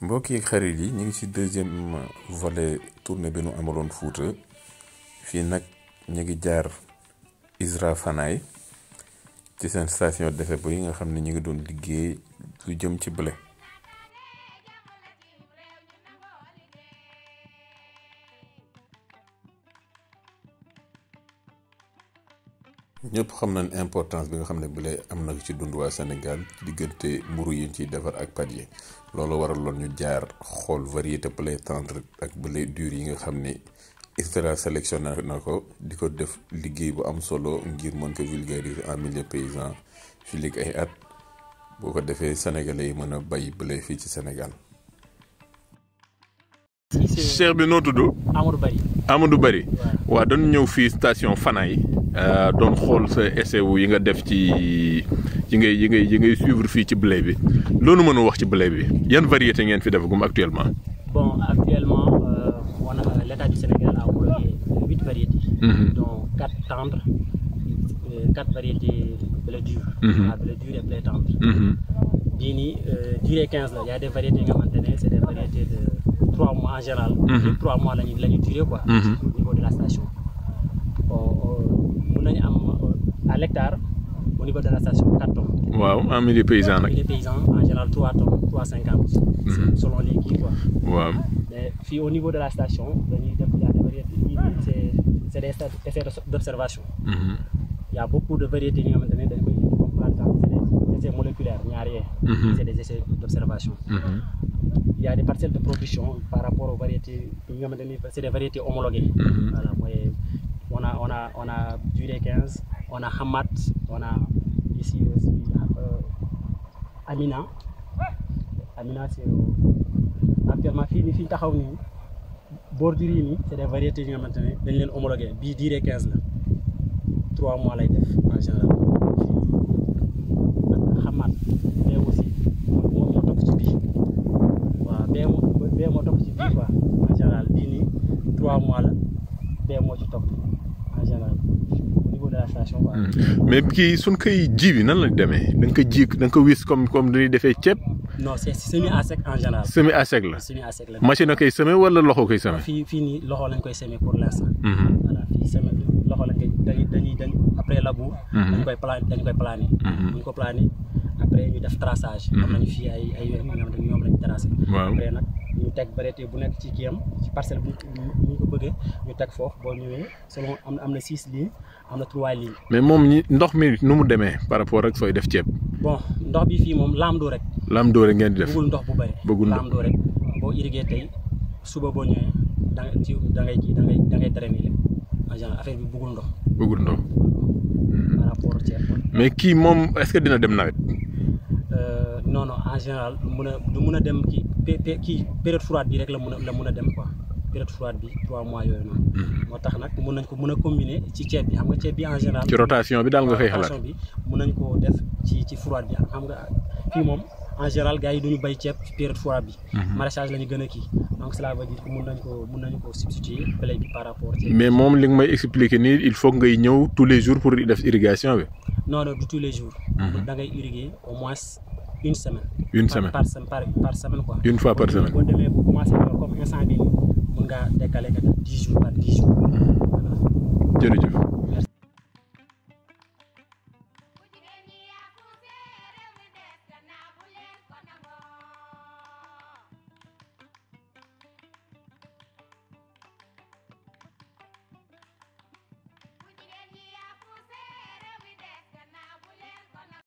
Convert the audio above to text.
mbokk yi ak xarit yi ñu ngi ci deuxième volet tournée bi nu amaloon Fuuta fii nag ñu ngi jaar ISRA fanaay ci seen station de yi nga xam ne ñu ngi doon liggéey lu jëm ci blé. ñëpp xam nañ importance bi nga xam ne bu lay am na ci dund waa Sénégal diggante mburu yi ciy defar ak pâtes yi loolu waraloon ñu jaar xool variété bu lay tendre ak bu lay yi nga xam ne ISRA sélectionné na ko di ko def liggéey bu am solo ngir mën ko vulgariser en milieu paysan fii léegi ay at boo ko defee sénégalais yi mën a bay bu fii ci Sénégal. Cheikh noo tudd. Amadou Bari wa don ñew fi station Fanaï euh don xol ce essai yi nga def ci le ngay yi ngay yi ngay suivre fi ci blé bi blé bi yeen variété actuellement bon actuellement euh, euh, l'état du Sénégal a voulu euh, 8 variétés mhm. dont 4 tendres 4 variétés blé dur mhm. ah, blé dure et blé tendre mhm. bini euh durée 15 il y a des variétés nga mantene c'est des variétés de trois mois en général. Mhm. les trois mois la ñu la ñu duré quoi. Mhm. au niveau de la station. mun nañu am euh, à l'hectare au niveau de la station quatre tonnes. waaw en milieu paysan paysan en trois tonnes trois cinquante. Mhm. selon les kii waaw mais fii au niveau de la station dañuy def y a des variétés yi c' est de variétés yi nga xamante essais moléculaires a rien. Mhm. c'est des essais d'observation mhm. il y a des parcelles de production par rapport aux variétés c'est des variétés homologuées mhm. on a on a on a duré 15 on a Hamat on a ici aussi euh, Amina Amina c'est actuellement ma fille fi taxaw c'est des variétés yi nga xamante ne 15 3 mois lay def en général trois moo ci hmm. mais kii suñ koy ji bi nan la demee da ko ji da ko wis comme comme dañuy defee ceeb. non c' est semis à sec en général. semis à la semis à sec la. machine a koy semé wala loxo koy semé. fii fii nii loxo lañ koy semé pour l' instant. Hmm. voilà fii semé loxo lañ koy dañuy dañuy après labour. Hmm. dañ koy plan dañ koy plané. après ñu def traçage. Mhm. am nañu fi ay ay yoon yoo xam ñoom lañ tracé. après nak ñu tek variété bu nek ci kii ci parcelle bu ñu ko bëgge ñu tek foofu bo ñëwee selon am na am na six lignes am na trois lignes. mais mom ñi ndox mi nu mu demee par rapport rek soy def ceeb. bon ndox bi fi mom lamdo rek. lamdo rek ngeen di def bëggul ndox bu bëri. bëggul ndox rek bo irrigué tay suba bo ñëwee da ngay ci da ngay da ngay da ngay drainer en général affaire bi bëggul ndox. bëggul ndox. par rapport ak mais ki mom est-ce que dina dem nawet en général du mun du mun dem ki kii période froide bi rek la mun la mun dem quoi période froide bi 3 mois yooyu noonu. Mhm. motax nak nag nañ ko mun combiner ci ceeb bi xam nga ceeb bi en général. ci rotation bi dal nga koy xalaat rotation bi nañ koo def ci ci froide bi xam nga fi mom en général gars yi duñu bay ceeb ci période froide bi. Mhm. maraîchage lañu gëna ki donc cela veut dire que mun nañu ko mun nañ ko substituer play bi par rapport. mais mom li ngi may expliquer ni il faut ngay ñëw tous les jours pour def irrigation bi. non non du tous les jours. Mhm. da ngay irriguer au moins. une semaine. une semaine par par par semaine quoi. une fois par semaine boo demee bu commencé comme instant bii nii mun ngaa décaler kat dix jours par dix jours. Hmm. jërëjëf.